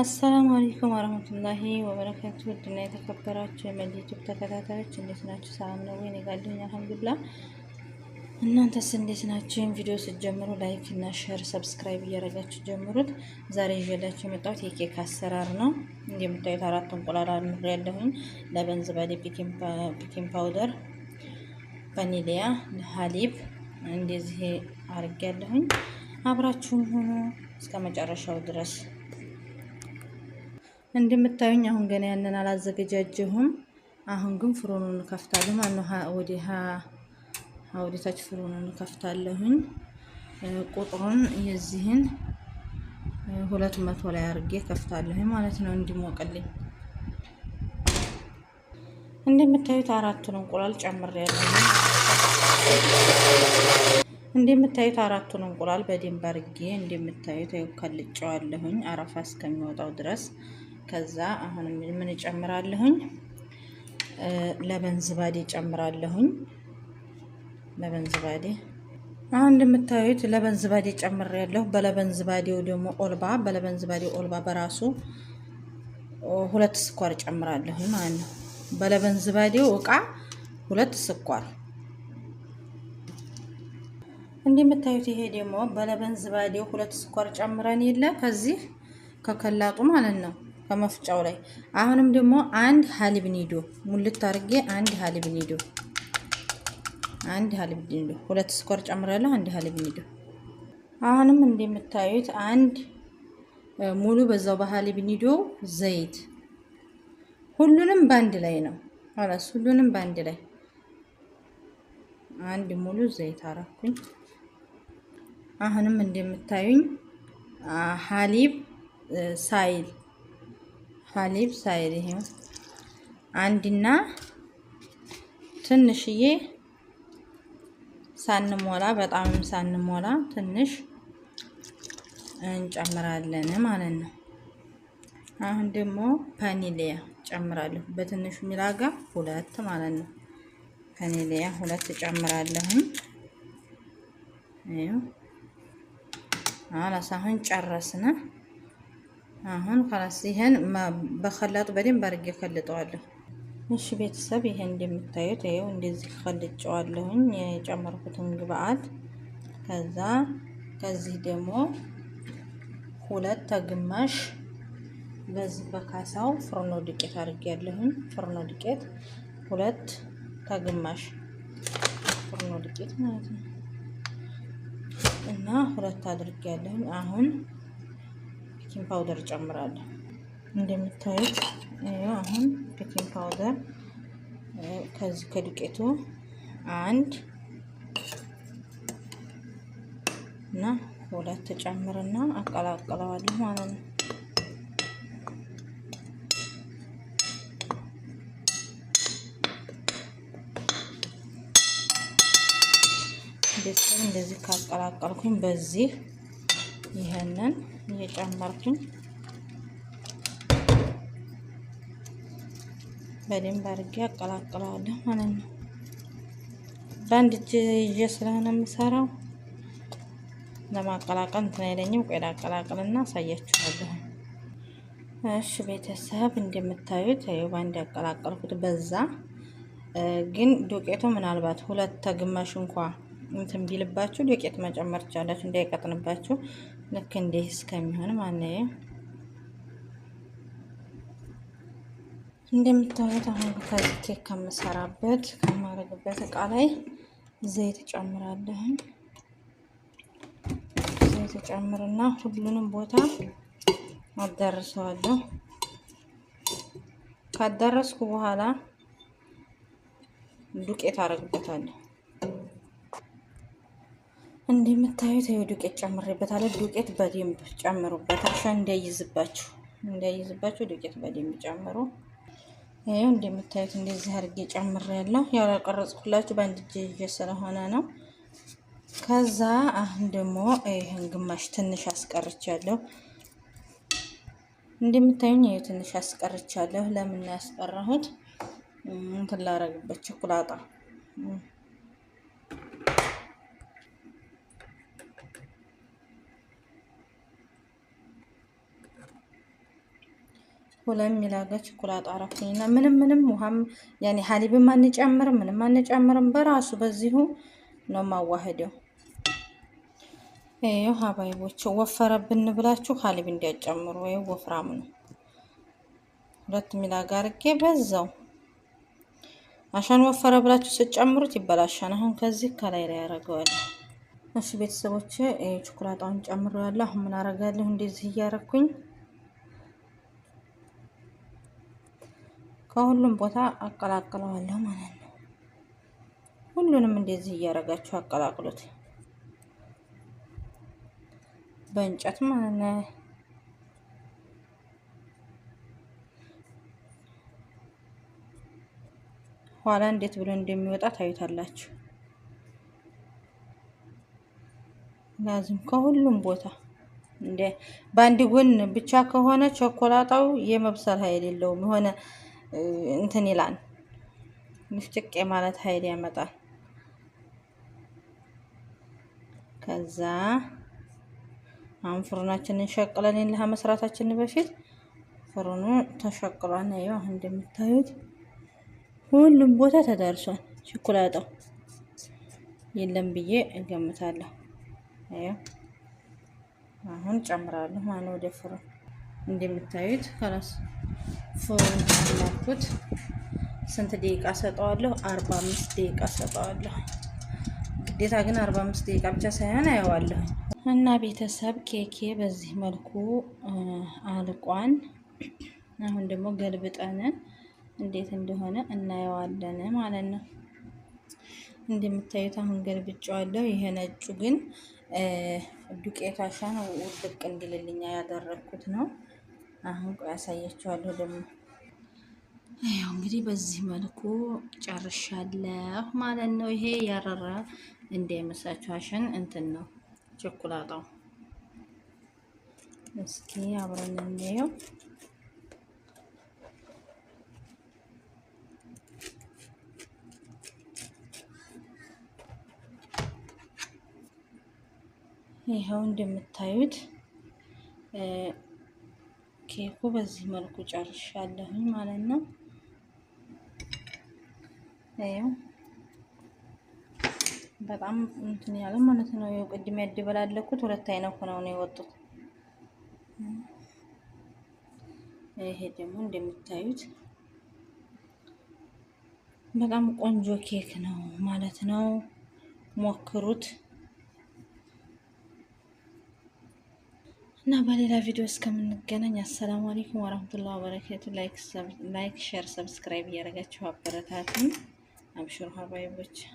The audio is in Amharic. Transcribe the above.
አሰላሙ አለይኩም ወረህመቱላሂ ወበረካቱ። ውድና የተከበራችሁ የመዲ ዩቲዩብ ተከታታዮች እንዴት ናችሁ? ሰላም ነው ወይ? እኔ ጋር አለሁኝ አልሐምዱሊላህ። እናንተስ እንዴት ናችሁ? ይህን ቪዲዮ ስትጀምሩ ላይክ እና ሼር፣ ሰብስክራይብ እያደረጋችሁ ጀምሩት። ዛሬ ይዤላችሁ የመጣሁት የኬክ አሰራር ነው። እንደምታዩት አራት እንቁላል አድርጌያለሁኝ። ለበን ዝባዴ፣ ቤኪንግ ፓውደር፣ ቫኒሊያ፣ ሀሊብ እንደዚህ አድርጌያለሁኝ። አብራችሁም ሆኑ እስከ መጨረሻው ድረስ እንደምታዩኝ አሁን ገና ያንን አላዘገጃጀሁም። አሁን ግን ፍሮኑን እንከፍታለሁ። ማን ነው። ወዲህ ፍሮኑን እንከፍታለሁኝ። ቁጥሩን የዚህን ሁለት መቶ ላይ አድርጌ ከፍታለሁ ማለት ነው እንዲሞቅልኝ። እንደምታዩት አራቱን እንቁላል ጨምሬያለሁ። እንደምታዩት አራቱን እንቁላል በደንብ አድርጌ እንደምታዩት ይኸው ከልጨዋለሁኝ አረፋ እስከሚወጣው ድረስ ከዛ አሁን ምን እጨምራለሁኝ? ለበን ዝባዴ እጨምራለሁኝ። ለበን ዝባዴ አሁን እንደምታዩት ለበን ዝባዴ ያለሁ በለበን ዝባዴው ደግሞ ኦልባ በለበን ዝባዴው ኦልባ በራሱ ሁለት ስኳር ጨምራለሁ ማለት ነው። በለበን ዝባዴው እቃ ሁለት ስኳር እንደምታዩት ይሄ ደግሞ በለበን ዝባዴው ሁለት ስኳር ጨምረን የለ ከዚህ ከከላጡ ማለት ነው። ከመፍጫው ላይ አሁንም ደግሞ አንድ ሀሊብ ኒዶ ሙልት አርጌ አንድ ሀሊብ ኒዶ አንድ ሀሊብ ኒዶ ሁለት ስኳር ጨምራለሁ። አንድ ሀሊብ ኒዶ አሁንም እንደምታዩት አንድ ሙሉ በዛው በሀሊብ ኒዶ ዘይት ሁሉንም በአንድ ላይ ነው። ኋላስ ሁሉንም በአንድ ላይ አንድ ሙሉ ዘይት አረኩኝ። አሁንም እንደምታዩኝ ሀሊብ ሳይል ሀሊብ ሳይድ ይሄው አንድና ትንሽዬ ሳንሞላ በጣምም ሳንሞላ ትንሽ እንጨምራለን ማለት ነው። አሁን ደግሞ ፓኒሊያ ጨምራለሁ። በትንሹ ሚላጋ ሁለት ማለት ነው። ፓኒሊያ ሁለት ጨምራለሁ። አላስ አሁን ጨረስን። አሁን ከላስ ይህን በከላጡ በደንብ አድርጌ ከልጠዋለሁ። እሺ ቤተሰብ ይሄን እንደምታዩት ይኸው እንደዚህ ከልጨዋለሁኝ የጨመርኩትን ግብአት። ከዛ ከዚህ ደግሞ ሁለት ተግማሽ በዚህ በካሳው ፍርኖ ዱቄት አድርጌያለሁኝ። ፍርኖ ዱቄት ሁለት ተግማሽ ፍርኖ ዱቄት ማለት ነው እና ሁለት አድርጌያለሁኝ አሁን ቤኪንግ ፓውደር እጨምራለሁ። እንደምታዩት አሁን ቤኪንግ ፓውደር ከዚህ ከዱቄቱ አንድ እና ሁለት ተጨምርና አቀላቅለዋለሁ ማለት ነው። እንደዚህ ካቀላቀልኩኝ በዚህ ይሄንን እየጨመርኩኝ በደንብ አድርጌ አቀላቅለዋለሁ ማለት ነው። በአንድ እጅ ይዤ ስለሆነ የምሰራው ለማቀላቀል እንትን አይለኝም። ቆይ አቀላቅልና አሳያችኋለሁ። እሺ ቤተሰብ እንደምታዩት ይኸው በአንድ ያቀላቀልኩት በዛ። ግን ዱቄቱ ምናልባት ሁለት ግማሽ እንኳ እንትን ቢልባችሁ ዱቄት መጨመር ትችላላችሁ እንዳይቀጥንባችሁ። ልክ እንዲህ እስከሚሆን ነው። እንደምታዩት አሁን ከዚህ ኬክ ከምሰራበት ከማረግበት እቃ ላይ ዘይት ጨምራለሁ። ዘይት ጨምርና ሁሉንም ቦታ አዳርሰዋለሁ። ካደረስኩ በኋላ ዱቄት አረግበታለሁ። እንደምታዩት ዱቄት ጨምሬበታለሁ። ዱቄት በደንብ ጨምሩበት፣ አሻ እንዳይዝባችሁ እንዳይዝባችሁ ዱቄት በደንብ ጨምሩ። ይኸው እንደምታዩት እንደዚህ አድርጌ ጨምሬያለሁ። ያው ያቀረጽኩላችሁ በአንድ እጄ ስለሆነ ነው። ከዛ አሁን ደግሞ ይህን ግማሽ ትንሽ አስቀርቻለሁ። እንደምታዩኝ ይኸው ትንሽ አስቀርቻለሁ። ለምን ያስቀረሁት እንትን ላደርግበት ቸኩላጣ ለሚላገ ችኩላጣ አረኩኝና ምንም ምንም ውሃም ያኔ ሀሊብም አንጨምርም ምንም አንጨምርም። በራሱ በዚሁ ነው ማዋህደው። ይኸው ሀባይቦች ወፈረብን ብላችሁ ሀሊብ እንዲያጨምሩ ወይ ወፍራም ነው። ሁለት ሚላጋ አርጌ በዛው አሻን ወፈረ ብላችሁ ስጨምሩት ይበላሻን። አሁን ከዚህ ከላይ ላይ ያደረገዋል። እሺ ቤተሰቦች ችኩላጣውን ጨምሮ ያለ አሁን ምን አረጋለሁ? እንደዚህ እያረኩኝ ከሁሉም ቦታ አቀላቅለዋለሁ ማለት ነው። ሁሉንም እንደዚህ እያደረጋችሁ አቀላቅሉት በእንጨት ማለት ነው። ኋላ እንዴት ብሎ እንደሚወጣ ታዩታላችሁ። ላዝም ከሁሉም ቦታ እንደ በአንድ ጎን ብቻ ከሆነ ቸኮላጣው የመብሰል ኃይል የለውም የሆነ እንትን ይላል ንፍጭቄ ማለት ኃይል ያመጣል። ከዛ አሁን ፍሩናችንን ሸቅለን የለ መስራታችንን በፊት ፍሩኑ ተሸቅሏል። ይ አሁን እንደምታዩት ሁሉም ቦታ ተዳርሷል። ሽኩላጠው የለም ብዬ እገምታለሁ። አሁን ጨምራለሁ ማለት ወደ ፍሩን እንደምታዩት ከላስ ፎን አላኩት። ስንት ደቂቃ ሰጠዋለሁ? 45 ደቂቃ ሰጠዋለሁ። ግዴታ ግን 45 ደቂቃ ብቻ ሳይሆን አየዋለሁ። እና ቤተሰብ ኬኬ በዚህ መልኩ አልቋን። አሁን ደግሞ ገልብጠንን እንዴት እንደሆነ እናየዋለን ማለት ነው። እንደምታዩት አሁን ገልብጫዋለሁ። ይሄ ነጩ ግን ዱቄት አሻን ውድቅ እንዲልልኛ ያደረግኩት ነው። አሁን ቆይ ያሳያችኋለሁ ደግሞ ያው እንግዲህ በዚህ መልኩ ጨርሻለሁ ማለት ነው። ይሄ ያረራ እንዳይመስላችሁ እንትን ነው ቸኩላጣው። እስኪ አብረን እንየው። ይኸው እንደምታዩት ኬኩ በዚህ መልኩ ጨርሻለሁኝ ማለት ነው። ይኸው በጣም እንትን ያለ ማለት ነው። ይኸው ቅድም ያደበላለኩት ሁለት አይነት ሆነው ነው የወጡት። ይሄ ደግሞ እንደምታዩት በጣም ቆንጆ ኬክ ነው ማለት ነው። ሞክሩት። እና በሌላ ቪዲዮ እስከምንገናኝ አሰላሙ አለይኩም ወረህመቱላሂ ወበረካቱ። ላይክ፣ ሼር፣ ሰብስክራይብ እያደረጋችሁ አበረታቱን። አብሽሩ ሀባይቦች